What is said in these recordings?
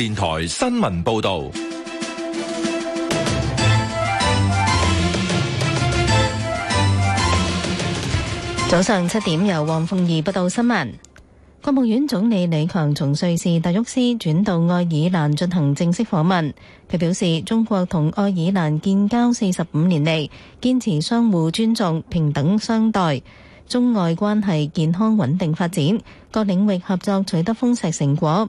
電台新聞報道：早上七點，由黃鳳儀報道新聞。國務院總理李強從瑞士達沃斯轉到愛爾蘭進行正式訪問。佢表示，中國同愛爾蘭建交四十五年嚟，堅持相互尊重、平等相待，中外關係健康穩定發展，各領域合作取得豐碩成果。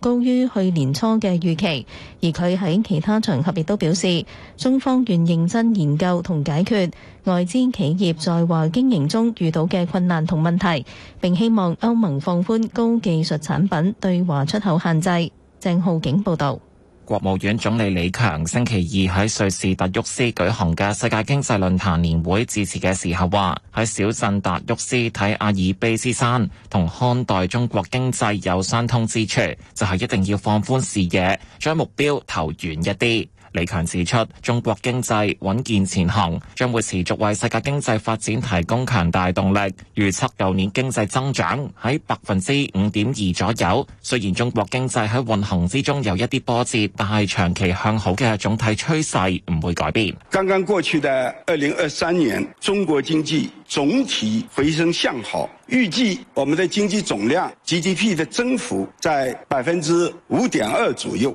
高於去年初嘅預期，而佢喺其他場合亦都表示，中方願認真研究同解決外資企業在華經營中遇到嘅困難同問題，並希望歐盟放寬高技術產品對華出口限制。鄭浩景報導。國務院總理李強星期二喺瑞士達沃斯舉行嘅世界經濟論壇年會致辭嘅時候話：喺小鎮達沃斯睇阿爾卑斯山，同看待中國經濟有相通之處，就係、是、一定要放寬視野，將目標投遠一啲。李強指出，中國經濟穩健前行，將會持續為世界經濟發展提供強大動力。預測舊年經濟增長喺百分之五點二左右。雖然中國經濟喺運行之中有一啲波折，但係長期向好嘅總體趨勢唔會改變。剛剛過去的二零二三年，中國經濟總體回升向好，預計我們的經濟總量 GDP 的增幅在百分之五點二左右。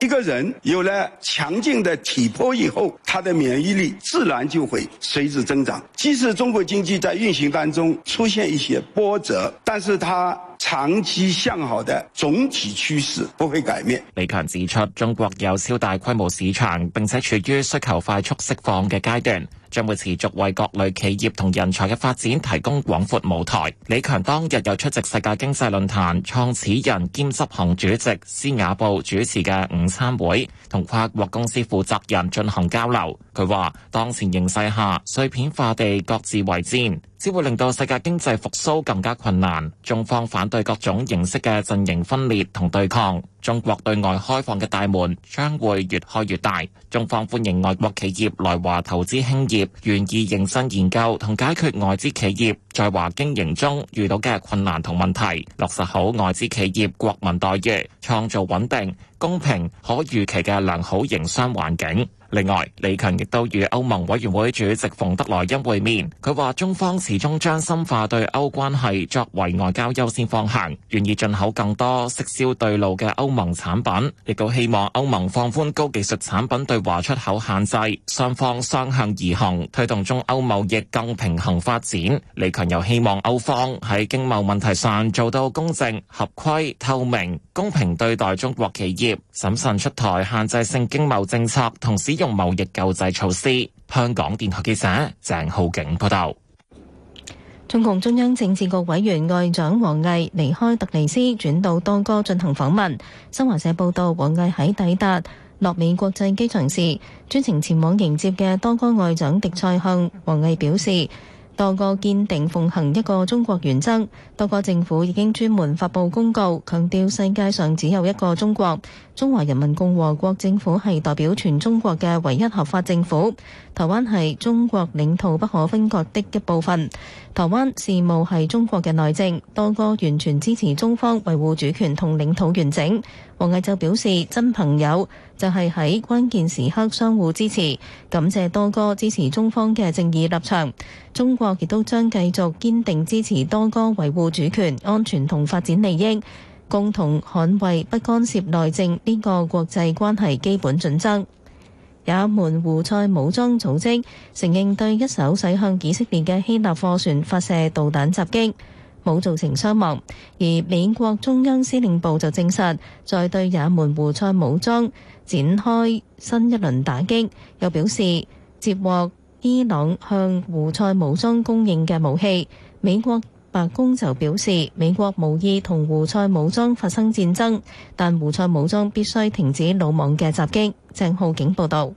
一個人有了強勁的體魄以後，他的免疫力自然就會隨之增長。即使中國經濟在運行當中出現一些波折，但是他長期向好的總體趨勢不會改變。李強指出，中國有超大規模市場，並且處於需求快速釋放嘅階段，將會持續為各類企業同人才嘅發展提供廣闊舞台。李強當日又出席世界經濟論壇創始人兼執行主席施瓦布主持嘅五。參會同跨國公司負責人進行交流。佢話：當前形勢下，碎片化地各自為戰。只會令到世界經濟復甦更加困難。中方反對各種形式嘅陣營分裂同對抗。中國對外開放嘅大門將會越開越大。中方歡迎外國企業來華投資興業，願意認真研究同解決外資企業在華經營中遇到嘅困難同問題，落實好外資企業國民待遇，創造穩定、公平、可預期嘅良好營商環境。另外，李強亦都與歐盟委員會主席馮德萊恩會面。佢話中方始終將深化對歐關係作為外交優先方向，願意進口更多適銷對路嘅歐盟產品。亦都希望歐盟放寬高技術產品對華出口限制，雙方雙向而行，推動中歐貿易更平衡發展。李強又希望歐方喺經貿問題上做到公正、合規、透明、公平對待中國企業，審慎出台限制性經貿政策，同時，用貿易救濟措施。香港電台記者鄭浩景報道，中共中央政治局委員外長王毅離開特尼斯，轉到多哥進行訪問。新華社報道，王毅喺抵達洛美國際機場時，專程前往迎接嘅多哥外長迪塞向王毅表示，多哥堅定奉行一個中國原則，多哥政府已經專門發布公告，強調世界上只有一個中國。中華人民共和國政府係代表全中國嘅唯一合法政府，台灣係中國領土不可分割的一部分，台灣事務係中國嘅內政。多哥完全支持中方維護主權同領土完整。王毅就表示，真朋友就係喺關鍵時刻相互支持，感謝多哥支持中方嘅正義立場，中國亦都將繼續堅定支持多哥維護主權安全同發展利益。共同捍衛不干涉內政呢個國際關係基本準則。也門胡塞武裝組織承認對一艘駛向以色列嘅希臘貨船發射導彈襲擊，冇造成傷亡。而美國中央司令部就證實，在對也門胡塞武裝展開新一輪打擊，又表示接獲伊朗向胡塞武裝供應嘅武器。美國白宮就表示，美國無意同胡塞武裝發生戰爭，但胡塞武裝必須停止魯莽嘅襲擊。鄭浩景報道。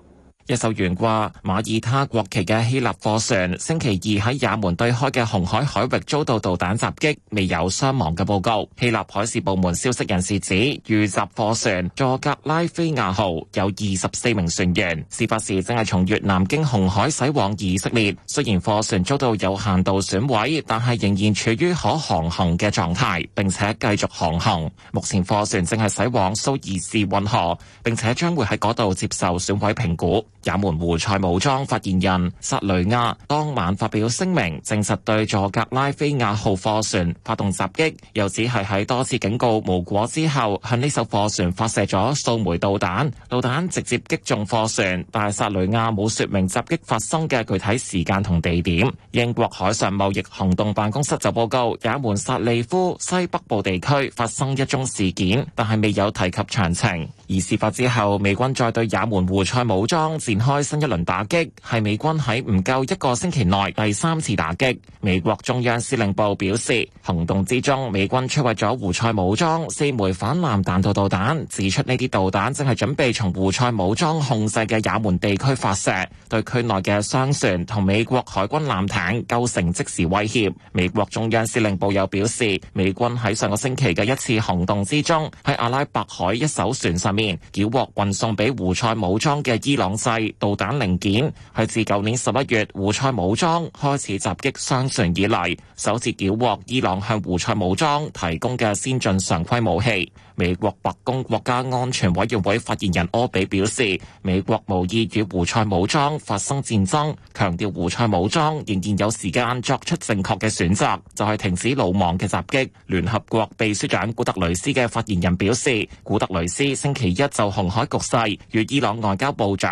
一艘懸掛馬爾他國旗嘅希臘貨船星期二喺也門對開嘅紅海海域遭到導彈襲擊，未有傷亡嘅報告。希臘海事部門消息人士指，遇襲貨船佐格拉菲亞號有二十四名船員事發時正係從越南經紅海駛往以色列。雖然貨船遭到有限度損毀，但係仍然處於可航行嘅狀態，並且繼續航行。目前貨船正係駛往蘇伊士運河，並且將會喺嗰度接受損毀評估。也門胡塞武裝發言人薩雷亞當晚發表聲明，證實對佐格拉菲亞號貨船發動襲擊，又只係喺多次警告無果之後向呢艘貨船發射咗數枚導彈，導彈直接擊中貨船，但係薩雷亞冇說明襲擊發生嘅具體時間同地點，英國海上貿易行動辦公室就報告也門薩利夫西北部地區發生一宗事件，但係未有提及詳情。而事發之後美軍再對也門胡塞武裝。展開新一輪打擊，係美軍喺唔夠一個星期內第三次打擊。美國中央司令部表示，行動之中美軍摧毀咗胡塞武裝四枚反艦彈道導彈，指出呢啲導彈正係準備從胡塞武裝控制嘅也門地區發射，對區內嘅商船同美國海軍艦艇構成即時威脅。美國中央司令部又表示，美軍喺上個星期嘅一次行動之中，喺阿拉伯海一艘船上面繳獲運送俾胡塞武裝嘅伊朗製。導彈零件係自舊年十一月胡塞武裝開始襲擊商船以嚟，首次繳獲伊朗向胡塞武裝提供嘅先進常規武器。美國白宮國家安全委員會發言人柯比表示，美國無意與胡塞武裝發生戰爭，強調胡塞武裝仍然有時間作出正確嘅選擇，就係、是、停止魯莽嘅襲擊。聯合國秘書長古特雷斯嘅發言人表示，古特雷斯星期一就紅海局勢與伊朗外交部長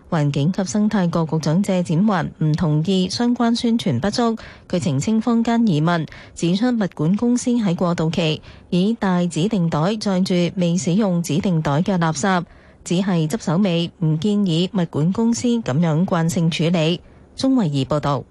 環境及生態局局長謝展寰唔同意相關宣傳不足，佢澄清坊間疑問，指出物管公司喺過渡期以大指定袋載住未使用指定袋嘅垃圾，只係執手尾，唔建議物管公司咁樣慣性處理。鍾慧儀報道，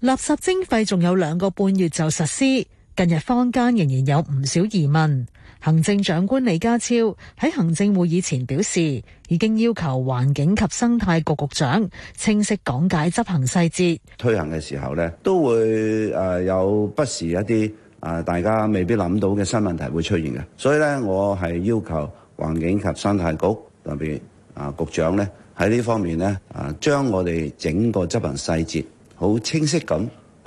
垃圾徵費仲有兩個半月就實施。近日坊間仍然有唔少疑問，行政長官李家超喺行政會議前表示，已經要求環境及生態局局長清晰講解執行細節。推行嘅時候咧，都會誒有不時一啲啊，大家未必諗到嘅新問題會出現嘅，所以咧，我係要求環境及生態局特別啊局長咧喺呢方面咧啊，將我哋整個執行細節好清晰咁。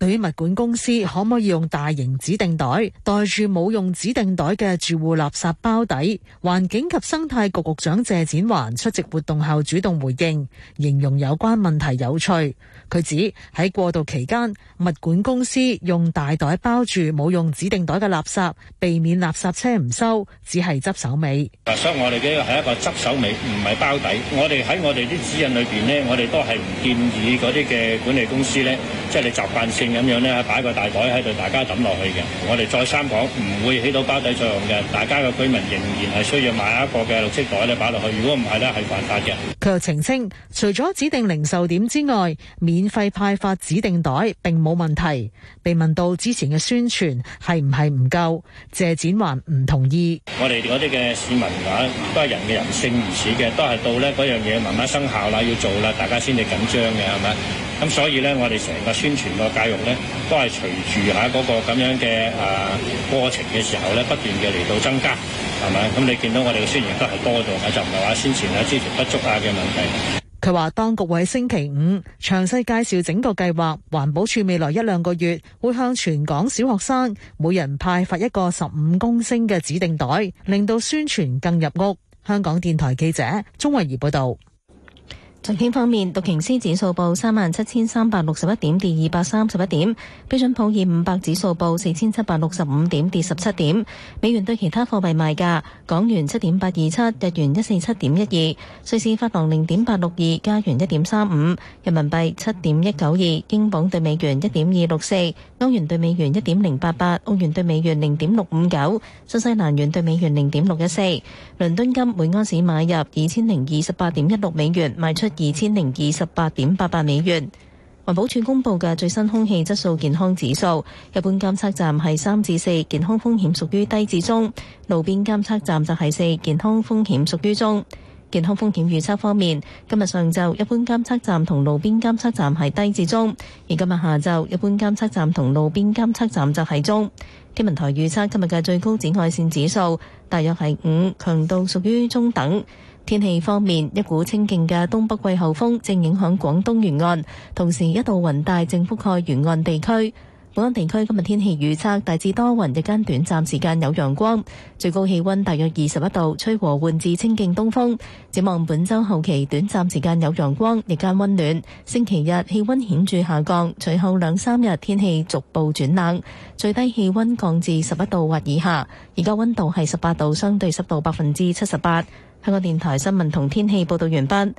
對於物管公司可唔可以用大型指定袋袋住冇用指定袋嘅住戶垃圾包底？環境及生態局局長謝展環出席活動後主動回應，形容有關問題有趣。佢指喺過渡期間，物管公司用大袋包住冇用指定袋嘅垃圾，避免垃圾車唔收，只係執手尾。所以我哋呢個係一個執手尾，唔係包底。我哋喺我哋啲指引裏邊咧，我哋都係唔建議嗰啲嘅管理公司咧，即係你習慣性。咁樣咧，擺個大袋喺度，大家抌落去嘅。我哋再三講，唔會起到包底作用嘅。大家嘅居民仍然係需要買一個嘅綠色袋咧，擺落去。如果唔係咧，係犯法嘅。佢又澄清，除咗指定零售點之外，免費派發指定袋並冇問題。被問到之前嘅宣傳係唔係唔夠，謝展寰唔同意。我哋嗰啲嘅市民啊，都係人嘅人性如此嘅，都係到呢嗰樣嘢慢慢生效啦，要做啦，大家先至緊張嘅，係咪？咁所以呢，我哋成個宣傳個教育。都係隨住嚇嗰個咁樣嘅過程嘅時候咧，不斷嘅嚟到增加，係嘛？咁你見到我哋嘅宣傳都係多咗，就唔係話先前啊資源不足啊嘅問題。佢話，當局會星期五詳細介紹整個計劃，環保署未來一兩個月會向全港小學生每人派發一個十五公升嘅指定袋，令到宣傳更入屋。香港電台記者鍾慧儀報道。財經方面，道瓊斯指數報3萬7千361點，跌231點，標準普爾500指數報4千765點，跌17點，美元對其他貨幣賣價，港元7.827，日元147.12，瑞士法郎0.862，加元1.35，人民幣7.192，英鎊兌美元1.264，歐元兌美元1.088，澳元兌美元0.659，新西蘭元兌美元0.614。倫敦金每安士買入2,028.16美元，賣出，二千零二十八點八八美元。環保署公布嘅最新空氣質素健康指數，一般監測站係三至四，健康風險屬於低至中；路邊監測站就係四，健康風險屬於中。健康風險預測方面，今日上晝一般監測站同路邊監測站係低至中，而今日下晝一般監測站同路邊監測站就係中。天文台預測今日嘅最高紫外線指數大約係五，強度屬於中等。天氣方面，一股清勁嘅東北季候風正影響廣東沿岸，同時一道雲帶正覆蓋沿岸地區。本港地區今日天氣預測大致多雲，日間短暫時間有陽光，最高氣溫大約二十一度，吹和緩至清勁東風。展望本周後期，短暫時間有陽光，日間溫暖。星期日氣溫顯著下降，隨後兩三日天氣逐步轉冷，最低氣溫降至十一度或以下。而家溫度係十八度，相對濕度百分之七十八。香港電台新聞同天氣報道完畢。